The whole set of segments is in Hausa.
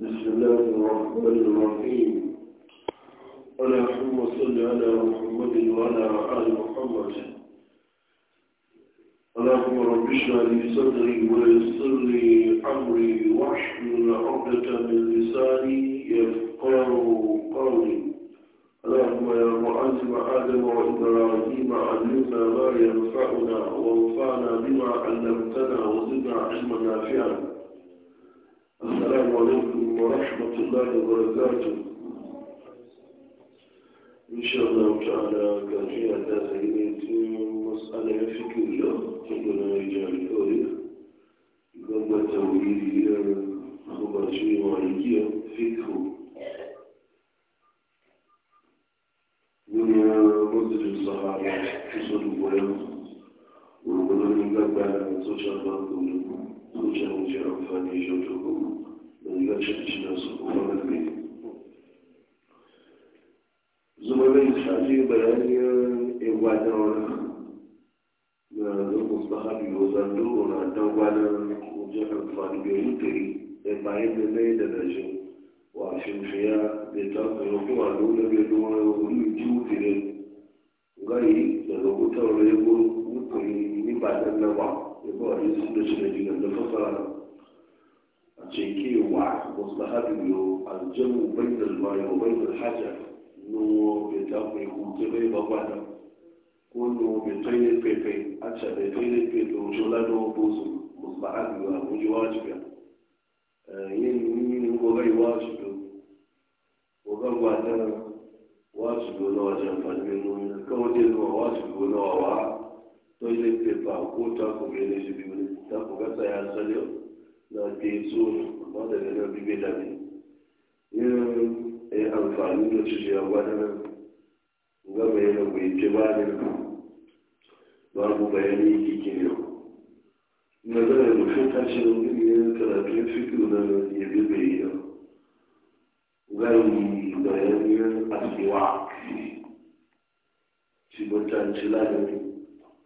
بسم الله الرحمن الرحيم أنا اللهم صل على محمد وعلى آل محمد اللهم رب اشرح لي صدري ويسر لي امري واحلل عقدة من لساني يفقهوا قولي اللهم يا معلم ادم وابراهيم علمنا ما ينفعنا وانفعنا بما علمتنا وزدنا علما نافعا السلام عليكم ورحمة الله وبركاته إن شاء الله تعالى كان في هذا مسألة فكرية تقولنا رجال كوريا قبل توليدية خبرتي مالكية فكره من مدة الصحابة تصل بولم وربنا من قبل سوشا بانكم سوشا وجه أنفاني جوتكم lascici na su kuma da ne zuma zai shafi bayanin egwajen wani na zurgun sahabi yau zando na dan gwanan wajen amfani da yutari da bayan da nai da dajin wa shimshiya da ta tsoro kuma dole bai dole wani jiwutire gari da lokutan ko mutane ni ba dan na ba ya ba wani su da shi da jinan da fasara cekewa mustahabi yo aljamu bainal ma'i wa bainal hajar hajjar be ta ku hutu bai ba wata ko no be pepe a ce be pepe to jola no bosu mustahabi yo abu ji yin yin na wajen kawai zuwa na wa to pepe ne ta na ke so amma daga na bibe da ne yin ya amfani da shi ya gwada nan ga mai na ke ba ne babu bayani kikin ne. na zara mutum ta ce wani ne karatun fikiru na ya bibe yau gani bayanin asiwa shi mutanci lalari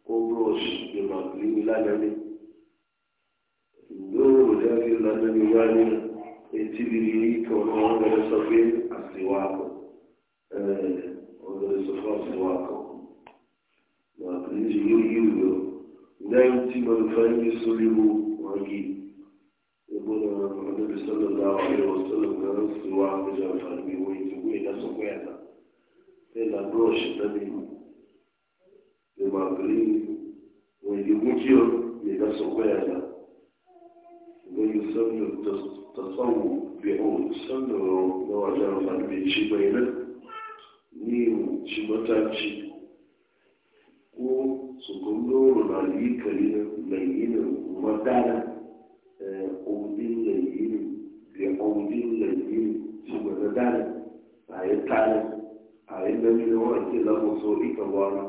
ko brush ma magani lalari gari na nani gani etibiri ka ọnụ ọgara sọfe asiwakụ ọgara sọfe asiwakụ na ndị yoyi uyo ndị anyị ti manufa ndị solibu magi ebe na annabi sallallahu alaihi na na ne da magari wai ji bi sannu ta tsawo bi hau na wajen halbe ci bai nan ni ci mataci ko su kundo na yi kari na mai yi na madana obin da yi da obin da yi ne ci a yi tana a yi nan ne wa ke lamu so ita wani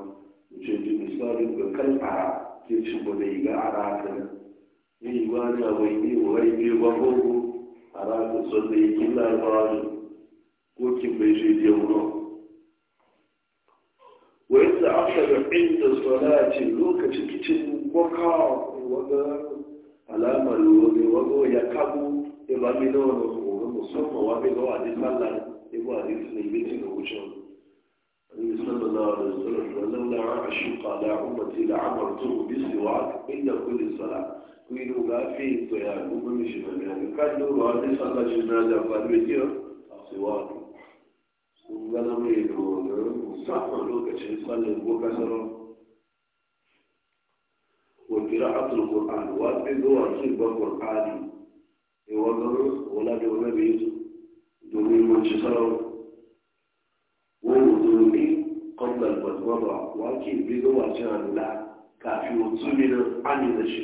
mutum ji misali ga kalfara ke ci gwada yi ga ara ni wana wengi waibi wagogo arabu sote ikila abantu kukimbejide uno wesa akthar inda salati lokaci kicin boka waga alama wani wago ya kabu iba minono wani musamman wabi a yi sunai bitin da wucin النبي صلى الله عليه وسلم ولولا عشق على أمتي لعمرته بسواك عند kuilo gafi to ya gugu mishimamia kadoro wate sasa jinaja fadwejio siwapo kungana mwendo musamma lokacin sallar ko kasaro wa qira'atul qur'an wa bidu wa sibba qur'ani e wa garu wala da wala bi su domin mun ci sarau wa wuduni qabla al-wadwa wa ki bidu wa jalla kafi wa tumina ani da shi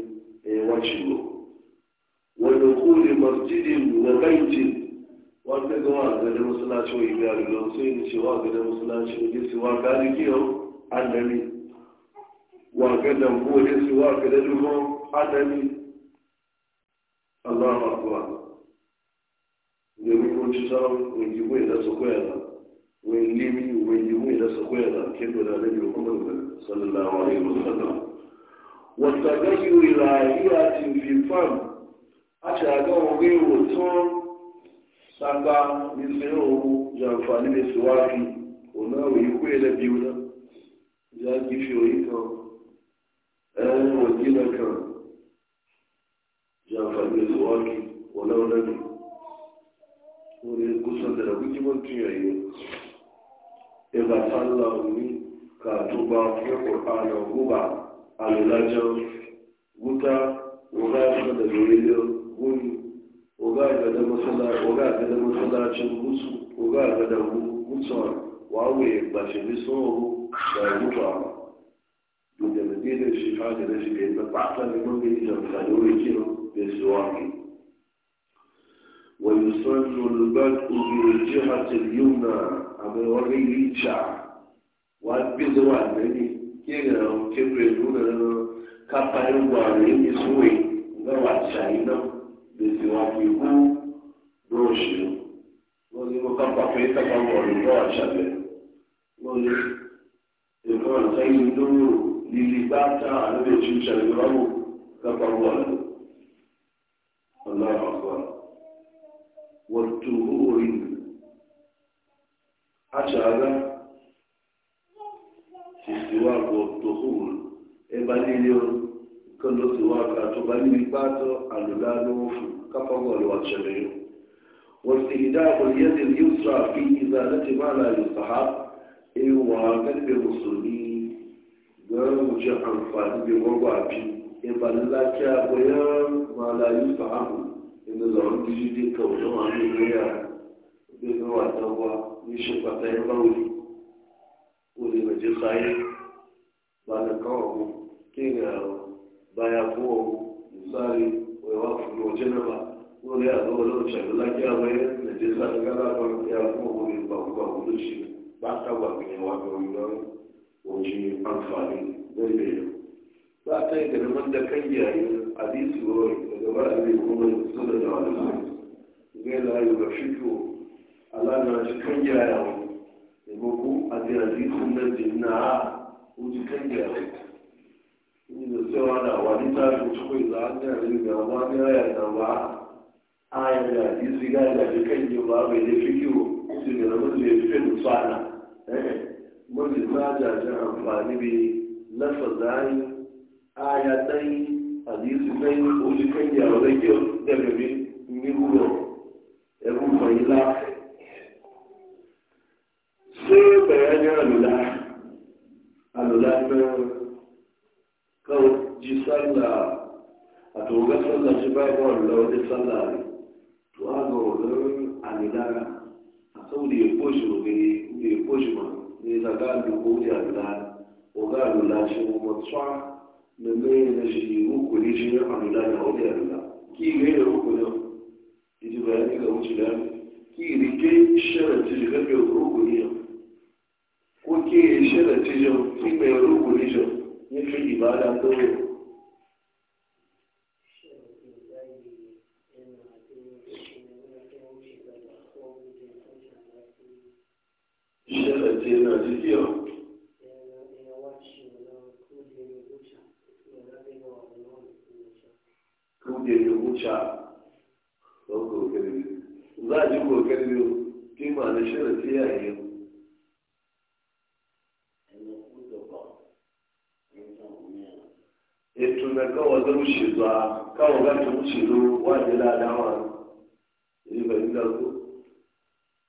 ewacilo wadukuli masjidin wa baitin wanda gama a gadar masalaci wa igari don sai ni cewa gadar masalaci wa gisi wa gari kiyo annabi wa gadar ko gisi wa gadar dubo annabi Allahu akbar Yemi ko ci sawu wengi mu da sokoyala wengi mi wengi mu da sokoyala da والتغير العالية في a أشهد غير الصوم sanga nísìnyí òru jàǹfààní lè síwájú òun náà òyìn kú ilẹ̀ bí wọn ìyá kì fi òyìn kan ẹ̀rọ òjì náà kan jàǹfààní lè síwájú òun náà lẹ́nu òun lè kó sọ̀tẹ̀lẹ̀ kó jímọ̀ tún yà yẹ ìgbà sálà òní kà tó bá fún ẹ̀kọ́ àná ògùn bá. alulajo wuta oga kuma da dorilio guni oga ga da masala oga ga da masalacin gusu oga ga da gusuwa wawe ba shi bi so da mutuwa duk da madina shi ha da shi bai ba ba ta ne mun yi da da wuri kiro da zuwa ki ويسن البدء بالجهة اليمنى أما وريشا وأبيض وأبيض kega kekwe lura kafayin gwaro yin isuwe ga wacce ina da ziwa ke ku roshi wani ko kafa kai ta kan gwaro ga wacce ne wani da kawai e sai yin doro lilibata a nabe Allah akbar ṣèṣìwà wọ tòhùn ẹba líle o nǹkan ló ti wá ká tó bá níbi pátó àlùlá lówó fún kápákọ̀ lọ́wọ́ ṣẹlẹ̀ yìí wọ́n ti ìdá àkọlẹ́yẹ́sẹ̀ ní ìṣúra fi ìzà láti máa la yòòsàá ewa gẹ́gẹ́ mùsùlùmí gbọ́n mo jẹ́ àǹfààní bí wọ́n wà bí ẹba ńlá kí a bóyá máa la yòòsàá mù ẹni lọ́rọ́ dídí kàwé náà ní ìwé yà wà ní báwo ni. kuli majisaye bana kawamu kinga baya kuwa misali wewafu nojenaba nole ya locago lakiabaye najisa galaba yakuwa kuli bakuba wa bakaba kwenye wagonga wonji amfani zaibeyo ba ta yi garman da kan yayi hadisi wuri daga ba a zai kuma sallallahu alaihi wasallam gaila yi ga ko ala na shi kan wani taimako a jirage sunan a, wuce kan gyara inda cewa da wani tafi cikin za a gyara ga wani raya da ba a yi da ga da kan yi ba bai da fi kiwo su ne ramin da ya fi nutsana eh, mulki ta jajen amfani bai lafa zai aya yi hadisi dai wuce kan gyara zai gyara daga bin ni ruwa ya rufa yi lafi sai bayanin alula alula na kawo ji sallah a toga sallah shi ba ga wanda wani sallah ne to a ga wani alula a saboda ya koshi wani ya koshi ma ne na ga alula ya alula o ga alula shi kuma tsa na mai shi wani ki yi wuce da ki kuke shirin cijin ki mai rubu rijin ya fi ibada dole shirin ce na jikiya kuje ya wuce don kokari za a ji kokari kima da shirin ce yayin na kawai zan wuce zuwa kawai ga ta wuce zo wani ladawa ne ba inda ku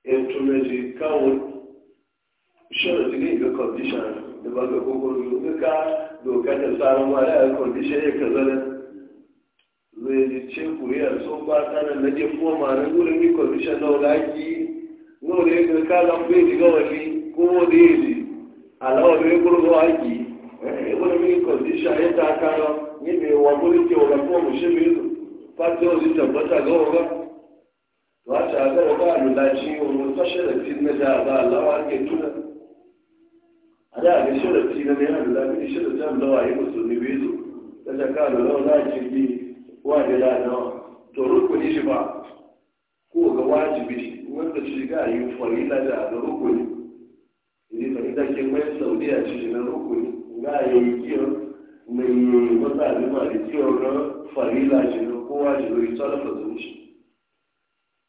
in eh, tuna ji kawai sharadi ne ga condition da ba ga kokoro duka doka da tsarin wani a condition ya kaza na zai ji ce kuriya sun ba ta nan na je kuma ma na gurin ni condition na wulaki nore ga kalan bai ji gawali ko da ya ji alawar ya kurgo haki eh, wani mini condition ya ta kawo níbi wọn bó ní kí wọn fún ọmọ ṣé mi lò pàtó òsì tẹ̀gbọ́tà gọ́wọ́gọ́ wọ́n aṣọ àgọ́wọ́gọ́ àlùdájí ohun sọ́ṣẹ̀lẹ̀ tí mẹ́ta àbá aláwọ̀ àgẹ̀tú náà adé àgẹ̀ṣẹ̀lẹ̀ tí nẹ́ni àlùdájí ní na tí àlùdáwà yìí kò sùn níbi lò lẹ́sẹ̀ ká wajibi wanda bí wọ́n àdéhà náà tòró kò ní mai wata alima da na farila shi na kowa shi na ita fasin shi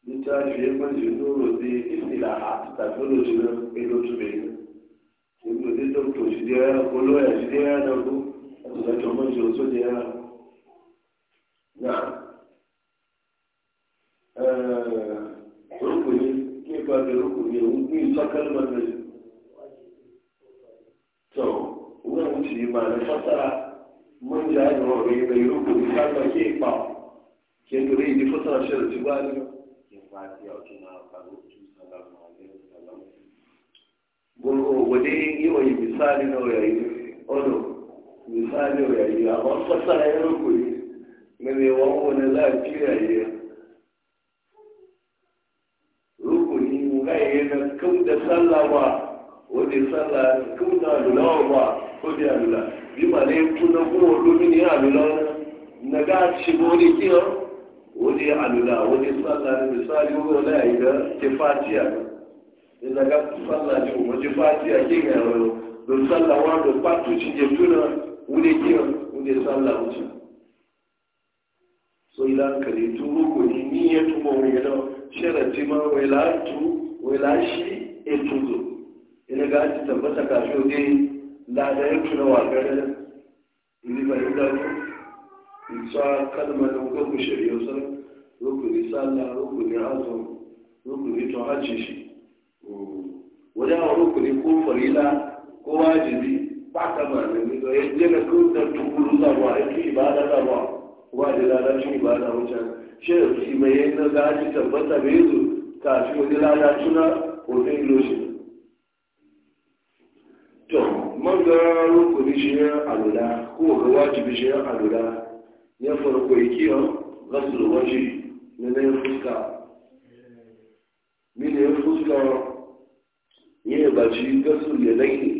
nita shi ya kwanci nuro zai istila a tafiyo shi na ido su bai na inda zai dokto shi da ya ko loya shi da ya na ko a tsakatar man shi wasu da ya na eh, rukuni ke ba da rukuni rukuni sakal man to wani wuce ma na fasara mun ja da wani mai rubu da kalma ke fa ke dure ni fata shi da ba ni ke fa ya ke na faru tu sallallahu alaihi misali na yayi odo misali wa yayi amma fata ya rubu na lafiya ya rubu da sallawa wani sallah ko da lawa bí màá lè kú náà fún olómi ní àlùlá nàgá àtìmọ́ ní kí hàn ó ní àlùlá ó ní sálà ní sálà ó wọ́n láyé gá ti fàtíà ní nàgá sálà ní òun ti fàtíà kí hàn ẹ̀rọ lọ sálà wọn lọ pàtó ti jẹ tó ó ní kí hàn ó ní sálà ó ti. so ìlà kàlè tó rúkò ní níyẹn tó mọ̀ wọ̀nyẹn náà ṣẹlẹ̀ tí máa wẹ̀ láàtú wẹ̀ láṣí ètò ìlú ìlẹ̀gá ti tàbátà kàfíò dé lada yake na wagare ili fahimta ko isa kalmar da kuka ku shirya sun rukuni sallah rukuni azum rukuni to shi wajen a rukuni ko farila ko wajibi ba ta ba da ni yadda na kun da tukuru zawa yake ibada zawa kuma da lalacin ibada wajen tabbata wani lalacin na hoton alula ko ga wajibi shi ya alula ya farko yi kiyon gasul waje na na ya fuska mini ya fuska ya yi baci gasul ya laini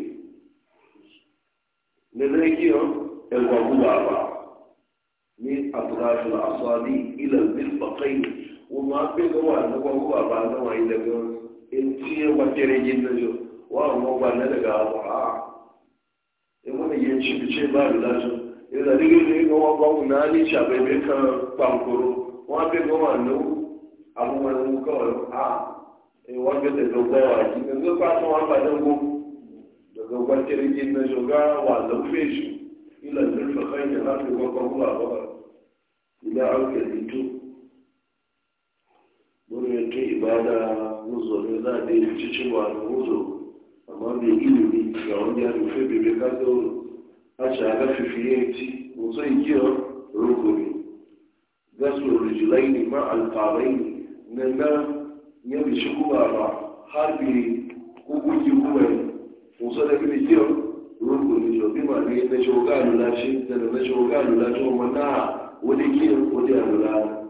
na na kiyon ya gwagu ba ba ni a abrafin asali ilal bakai wọ́n pè lọ́wọ́ àdúgbò wọ́n wà ba náà wáyé lẹ́gbẹ̀ẹ́ ẹni tí wọ́n tẹ̀lé yín lọ́jọ́ wọ́n àwọn ọgbà náà daga abu a ne shi bice ba da lati yanzu da ne ga wọn ba na ni sha bai kan bankoro wa bai ga wa nu abu ma nu ka a eh wọn bai da ga wa ki yanzu fa to wa ba dan daga gwatirin yin na shoga wa lafe shi ila zurfa kai da lafi ko ko ba ba ila auke dito mun yake ibada muzo ne za a yi cikin wa muzo amma mai ilimi ga wani ya rufe bebe achaga fifiyeti muzoijia rukuni gaslu ni ma ne alqabaini nana yabi shukubaba harbi kuguji kuwe musada kile jio rukuni jo bima ni nachogalu la shinda na nachogalu la jo mana wodi kile wodi alula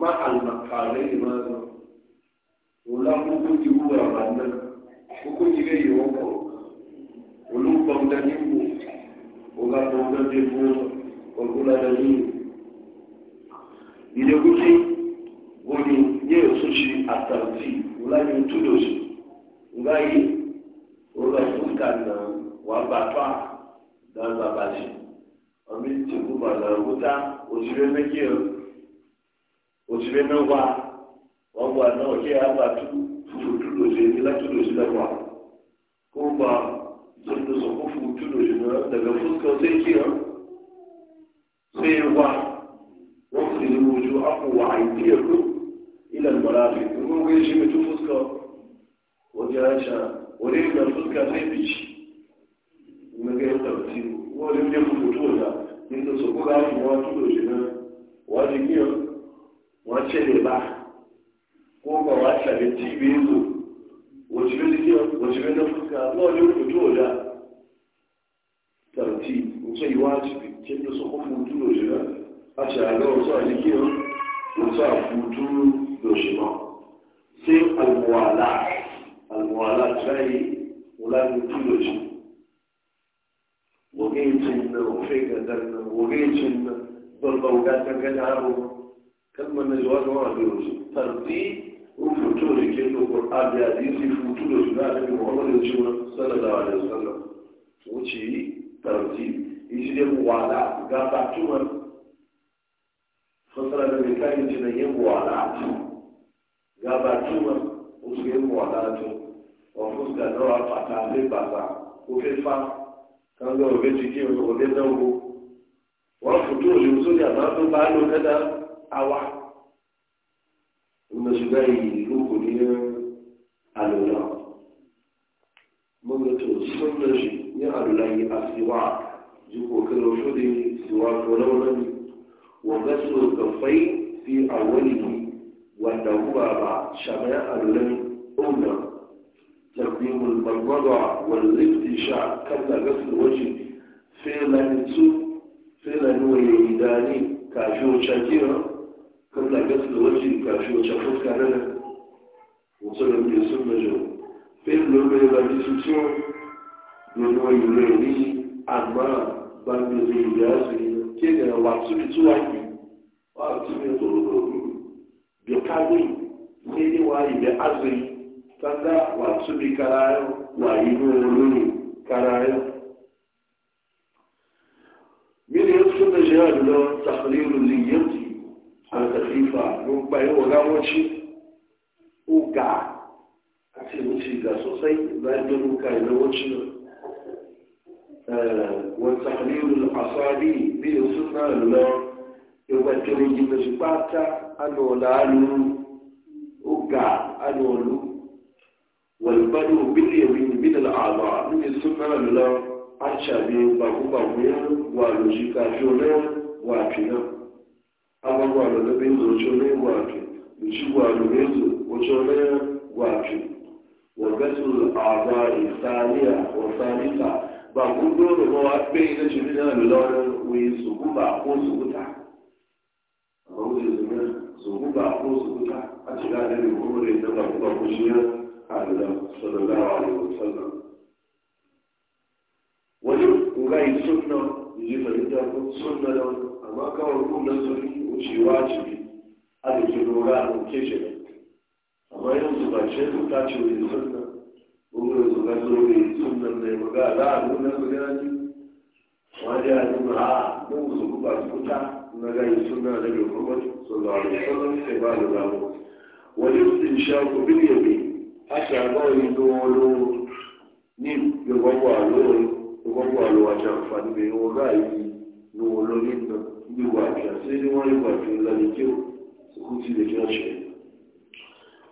ma alqabaini ma wala kuguji kuwe abanna kuguji gayo ni ulubamdanimu وكذبوا وكل دليل ile kuti woni ye sushi atanti ulani tudoshi ngai ola tukana wa bapa da babaji ami ti ku bala wuta wa wa na oje abatu tudoshi ni la tudoshi la wa ko ba tudoshi ko Tudu shi daga fuskar sai kiya sai wa wasu ne wujo aku wa aidiyar ku ilan marafi kuma kai shi mutu fuska wajen aisha wani da fuska sai bici na ga yadda mutu wani ne fito da inda su kuka hafi wa tudo shi na wajen wace ne ba ko ba wace ne tibi yanzu wace ne wace ne fuska zuwa ne fito da mutu iwajibi kendo so kufutu lojima aṣàlọ́ ọ̀tọ́ àdíkíọ́ ọ̀tọ́ àfutu lojima sí alùwàlá alùwàlá tíráyì ọlágbótú lojima وغيتن وفيك درنا وغيتن ضربة وقاتل كدعبه كلمة نجوان وعدوز ترتيب وفتوري كنو قرآن بحديثي فتوري لا نبي محمد صلى الله عليه وسلم وشي ترتيب ìṣẹ̀lẹ̀ wàhálà gàtà túmọ̀ fọ́sọ̀rọ̀ lórí káyọ̀ tí wọ́n yẹ wàhálà tó gàtà túmọ̀ oṣù yẹ wàhálà tó wọ́n fọ́sọ̀rọ̀ le ba sa, bàtà òfé fa kánú òfé ti kí òfé dánwó wọ́n fòtó òṣèlú sójà máa tó bá lò kẹ́dá àwa ọmọ ṣùgbọ́n ìlú kò ní àlùlá mọ́tò sọ́nà ní àlùlá yìí àti wàhálà. جيكو كانوا شدي سواك ولولا وغسل الكفين في أوله وأنه مع شماء اللون أولى تقديم المضمضة والافتشاء كما غسل الوجه فعلا نتسو فعلا هو يداني كاشو شاكيرا كما غسل الوجه كاشو شاكوت كارنا وصل من يسمى نجو فعلا هو يداني سوسيون لأنه يريني أمام gbàgbèsè ìgbà ẹsẹ kéde wà tóbi tó wà wa wà tóbi tó bí kágbé kéde wà ìgbà azẹ kanga wà tóbi kára yọ wà inú olóyè kára yọ. mílí ẹsẹ méjì náà lọ sàkólélu lè yẹtì àtàkìfà ló gba ìwọ gáwọn tí ó ga àti ìwọ ti ga sọsẹ ìgbà ẹgbẹrún ká ìnáwó tí náà. آه، والتحليل وتحليل الأصابع بسنة الله يبتلي جمسباتا أنه لعله أقع أنه له والبدء باليمين من الأعضاء من السنة الله أشابه بقبابه ولوجيكا جونه واتنا أما قالوا لبيزو جونه واتنا نجيب قالوا بيزو وجونه واكنا وغسل الأعضاء الثانية والثالثة ba ku dole ba bai pe ina jimi na lula wani wai su ku ko su wuta amma wuce zuma su ku ba ko su wuta a shiga da ne kuma da ita ba ku ba shi ya a lula sallallahu alaihi wasallam wani ku yi sunna yi fahimta ko sunna da amma kawai ku na sunni wucewa ce a da ke dora a ɗauke shi amma yanzu ba ce ta ce wani sunna kuma su ga so ne sun nan ne ba ga a nuna su ya ji wani ya nuna a mun su ba su kuta na ga yi suna da bai kuma sallallahu wani wasallam sai ba da zamu wani sun sha ku bin a sha ba yi dolo ni ya gwagwa lori ya gwagwa lo a can fadi bai yi ga yi dolo ni sai ni wani gwafiya lalike su kuti da kyan shi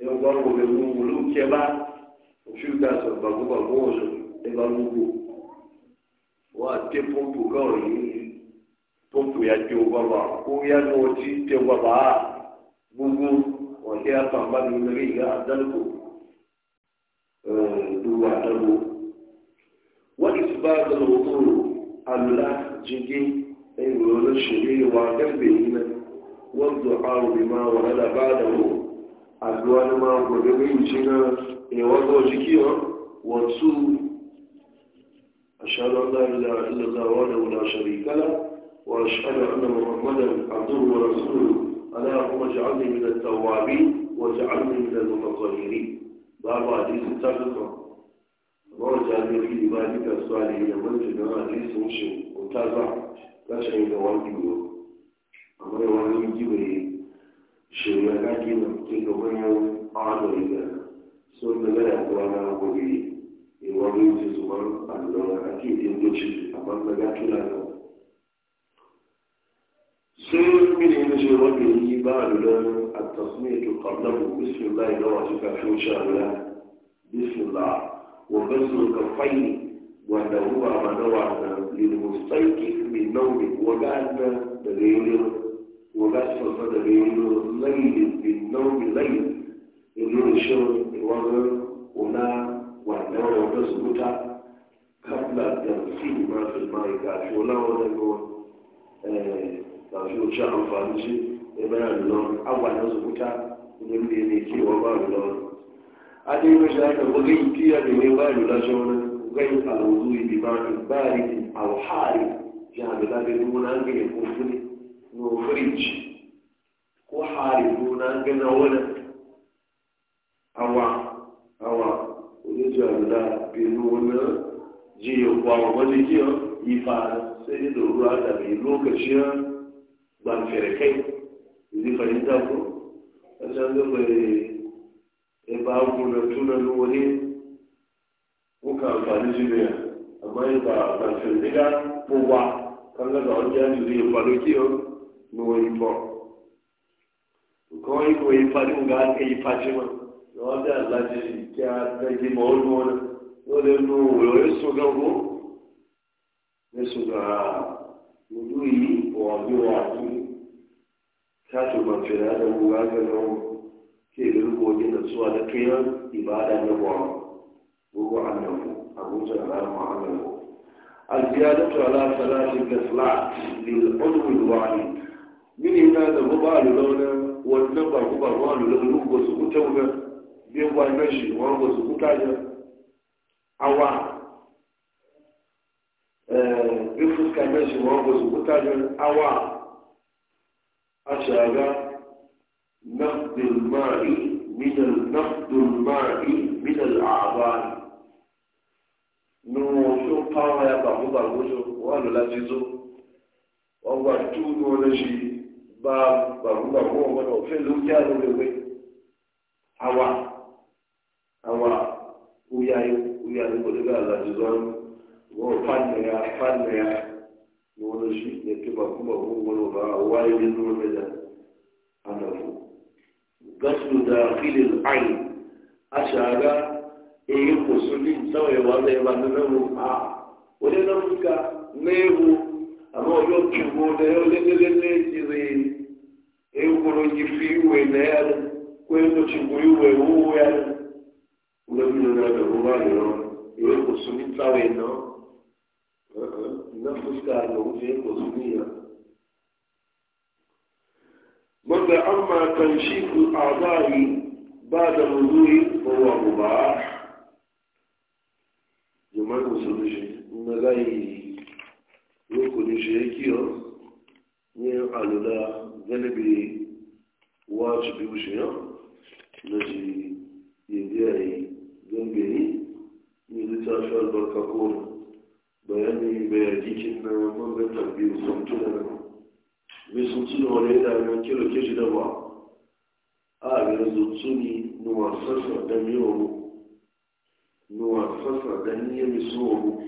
yan gwa ko be mu lu ke ba o shi ka so ba ko ba ko so e ba lu ko wa te pompu ka o yi pompu ya te o ba ba ko ya no ti te o ba ba gugu o te a pa ba ni ne ga dal ko eh du wa dal ko wa isbat al wudu Allah jigi ay wala shiri wa dambe ina wa du'a bima wa ala ba'dahu àdúrà ló máa ń gbọ̀dọ̀ méjì tí náà èèyàn wá gbọ́ ojú kí hàn wọ́n tú aṣáájú aláìlá ìlọ́lá wọn àwọn aṣàlẹ̀ ìkálá wọ́n aṣáájú àná muhammadan abdul rasulu aláàfin ọjà àmì ìlẹ̀ tàwábí wọ́n ti àmì ìlẹ̀ lọ́kọ̀ọ́yìnrí báwa àdéhùn tákùkọ̀ wọ́n ọjà ní orí ìbá nígbà sọ àlè ìyàwó ìjọba àdéhùn ṣe òtágbà láti ẹ̀yìn lọ́wọ́ ìgbìmọ̀ àwọn ẹ̀wọ̀n ní ìjíwèé ṣèlú ẹ̀ká kí n kí n lọ́wọ́ na gobe e wani ji zuwa allon ake yin doci a bangaga tuna da sai mini ne ce wanda yi ba a lulun a tasmitu kallabu bismillah na wasu kafin shari'a bismillah wa gasu ka fayi wanda ruwa ma na wasa lilmustaiki min naumi wa gana da rere wa gasa da rere lailin min naumi lailin ilin shirin wani una wanao wanazukuta kabla eh, ya msingi mafil maika shulao nego tafiucha amfanji ebana lon awa nazukuta nyimbi kiwa ba lon adi yo shaka ni ya bila bi muna ngi ko furi no fridge wani ji ya kwawa wani ji yi fara sai da ruwa da mai lokaci ya ban kai zai fahimta ko a can zai bai ya ba ku na tunan wani kuka amfani shi ne amma ya ba ban firfika ko ba kan ga zawon jani zai faru kiyo na wani ba kawai ko yi faru ga aka yi fashe ma da wani wanda Allah ji kya gima wani wani wọ́n lè lo òwúrọ̀ èso gan wo èso gan ojú yìí wọ́n bí wọ́n àti káàtó gbàgbẹ́rẹ́ àdàwọ̀ gbàgbẹ́rẹ́ wọn kí èlé ló wọ́n yẹn lọ́sọ́ àdàkẹ́yà ìbáradà ní wọ́n gbogbo àdàwọ̀ àbújá àdàwọ̀ àdàwọ̀. الزيادة على ثلاث كسلات للعضو الواحد من هنا ذهب على لونه والنبر هو الوان لونه وسكوتونه بيبقى نشي وهو سكوتاجه awa bifu kamar shi ma ba su awa a shaga nafdul ma'i min al-nafdul ma'i min al-a'bari nuwo sun kawo ya babu babu su wani lati zo wọn gba tuuru wani shi ba babu babu wọn wani ofin lu ya lo lewe awa awa uyayo ya ni kudu ga alhaji zuwan wa fanna ya fanna ya na wani shi ne tuba kuma gungun ba a waye ne zuwa da da anafu gasu da filin ayi a shaga eyi kusuri sauyewa zai ba na nan a wani na fuska na ewu amma yau kiwo da yau lelelele ti zai ewu kuro yi e fi iwe na ya ko yi ko ci kuri iwe wuwu ya ne wani na da ruwa ne yau ìwé kò sùn ní táwọn iná iná fúnṣà lòun fi kò sùn níyà. wanda amma kan shi ku azari ba da muzuri ko wa ba jama'a musulmi shi na kí rukuni ní ya gẹ́lẹ́bí ne alula galibi wajibi shi ya na shi yadda ya yi yìí. ni littafi albarka goma bayani bayagikin na magana biyu sun tuna na mai sun tuna wani yana na kira ke shi da ba a ga ni nuwa sassa da miyomu nuwa sassa da niya mai so mu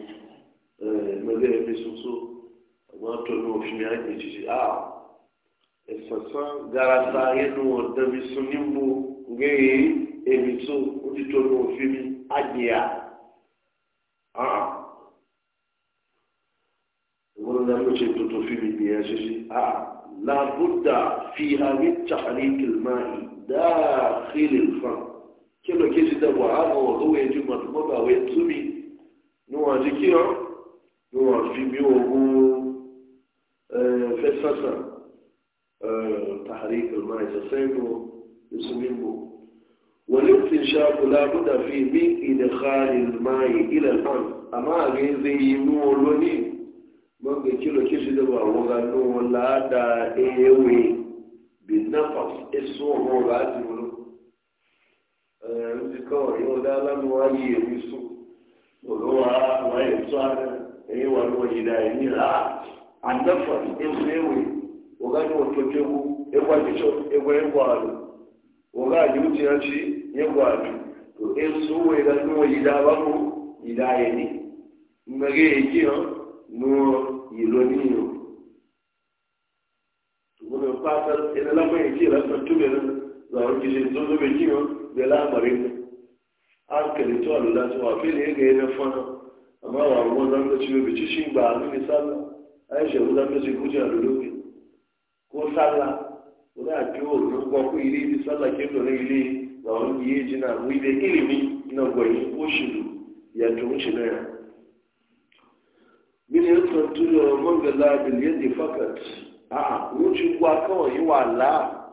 eh, magana mai sun so amma to nuwa shi e ya ke ci a sassa gara sa yanu da mai sun nimbo gaye emi so e nuwa fi mi ajiya ومن المجد من ياجزي آه. لا بد في هذا التحريك الماء داخل الفم كما كيسي دابو عاما وضوء يجب مطمبا ويتصمي نوع ذكيع نوع في ميوه فساسا تحريك الماء تسيمه يسميه والاستنشاق لا بد فيه من إدخال الماء إلى الأرض أما أجل زي نولوني من كيلو كيسي دبا وغنو لا دا إيوي بالنفس السوء وغاتي ولو ذكر يودا لم وعي يسوء ولو وعي صار أيوة الوجداء نلا النفس السوء وغنو تجيبه إيوة تجيبه إيوة إيوة وغاتي وتيجي ya gwaru to in su wai da nuwa yida ba mu yida ya ne mmege eki hàn nuwa yìlọ níyàn tùmọ̀ na pátá ẹni lápá eki lásà túbẹ̀ náà làwọn jìnnì tó tó bẹ̀ yíyan bẹ̀ láàmàrí mu ánkẹ̀lẹ̀ tó àlùlá tó wà fẹ́lẹ̀ ẹ̀gẹ̀ ẹ̀ fọ́n náà àmọ́ àwọn a zaune biye jina wibe ilimi na gwani ko shiru ya na ya min ya tsantu da man ga labil fakat a wuce kuwa wa la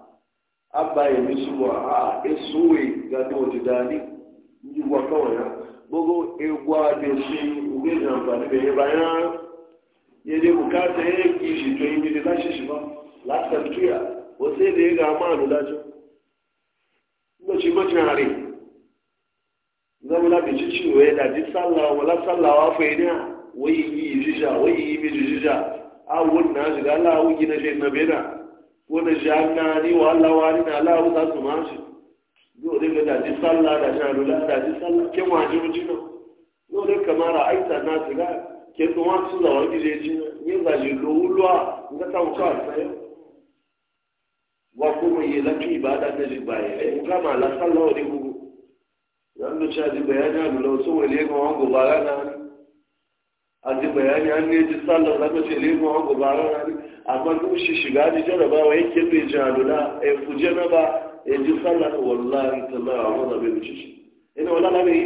abba ya esuwe ga ta wata ndị ya gbogbo egwu da si ugbe na bayan ihe dai bukata ya yi kishi to yi mini dị shi ba lasar tuya gojin hari zamula bi cici waye da ji sallah wala sallah wa fa ina wayi yi jija wayi yi bi jija a wannan shiga Allah wuki na shi na bena wani jana ni wa Allah wa ni na Allah za su ma shi dole da ji sallah da shanu da ji sallah ke wajibi jinan lórí kamara àìsàn náà ti rà kí ẹnu wọn tún làwọn ìdílé jí yín gbàlè lówó lọ́wọ́ nígbà táwọn kọ́ àtẹ́yọ́. wa yelatu ibada nezibaye e mukama la sala oli gugu nando cha zibayanya lo so na ko wango barana azibayanya ne sala la ko chele ko wango barana amma du shi shiga ji na ba wai ke be jalo la e na ba e sala wallahi tala wala be shi ina wala la be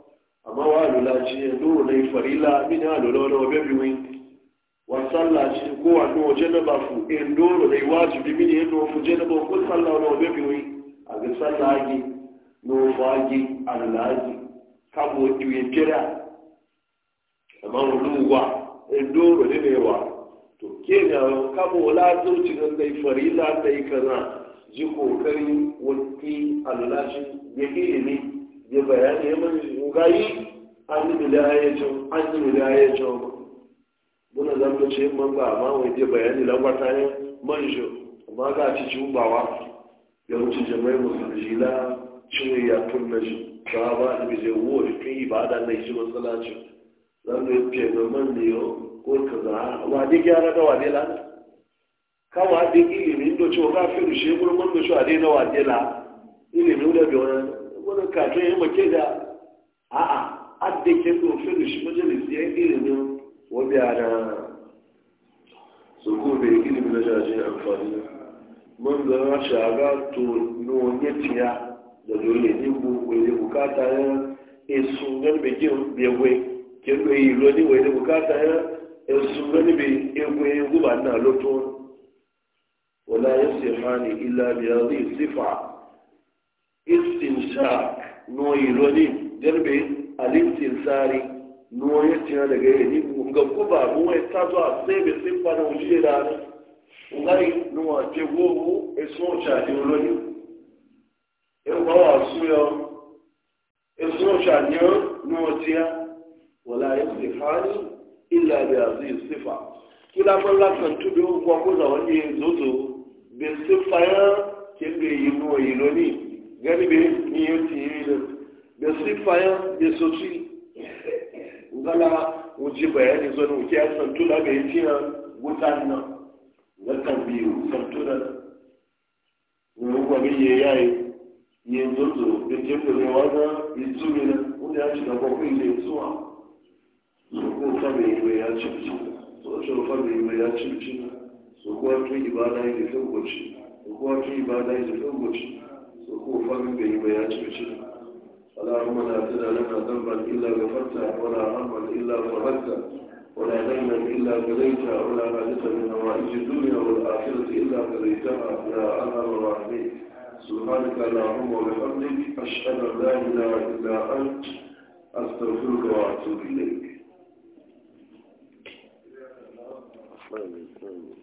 amma wa alula ci ya duro na ifarila mini alula wani wabe biwi wa tsalla ci ko wa nuwa ba fu in duro na iwajibi mini ya nuwa fu ba ko tsalla wani wabe biwi a ga tsalla agi nuwa agi alula agi kabo iwe kira amma wuluwa in duro ne ne wa to ke ne a kabo la zuci na na ifarila na ikana ji kokari wani alula shi ya ne ya bayani ya mani rugayi an yi mila ya an yi mila ya ce muna zan ce man ba ma wai ya bayani lagwata ne man shi ma ga ci ci bawa ya wuce jama'i musulmi la ne ya tunna shi ba ba da bai zai wo da kai da na shi masalacin zan da ce da man ne yau ko kaza wa dai gyara da wa la lana kawa dai ilimin da cewa ka fi rushe gurbin da shi a dai na wa dai la ilimin da bai wani wani kaje ya make da a'a adda ke so fi da shi majalisi ya ilimin wabiya na su kome ilimin na jajen amfani mun zama shaga to nonyetiya da dole ne wani bukata ya esu gani bai gin bewe ke lo yi lo ni wani bukata ya esu gani bai ewe guba na loto wala ya sihani illa biya zai sifa al-ishaq noyi roni jarbe al-istisari noyi tina daga yi ga kuba mu tazo a sebe sifa na ujire da ne ngai nuwa je gogo e so di roni e ba wa suyo e so ni no tia wala yasifani illa bi aziz sifa kila man la kan tudu ko ko zawani zozo be sifa ya kebe yi noyi gani be ni yo ti yi da sifayen da soci ngala wuce bayani zo wuce ya santu da ga yi wutan nan na kan biyu santu da na ruwa ga yi yayi yi zozo da ke da rewa na yi na wanda ya ci da kwakwai da yi zuwa so ko fami yi mai ya ci bici so shi fami yi mai ya ci bici so kuwa tun ibada yi da fi goci so kuwa tun ibada yi da fi goci وكوفا من به بيات بشر اللهم لا تدع لنا ذنبا إلا غفرته ولا هما إلا فرجته ولا دينا إلا قضيته ولا حاجة من نوائج الدنيا والآخرة إلا قضيتها يا أرحم الراحمين سبحانك اللهم وبحمدك أشهد أن لا إله إلا أنت أستغفرك وأتوب إليك Thank you.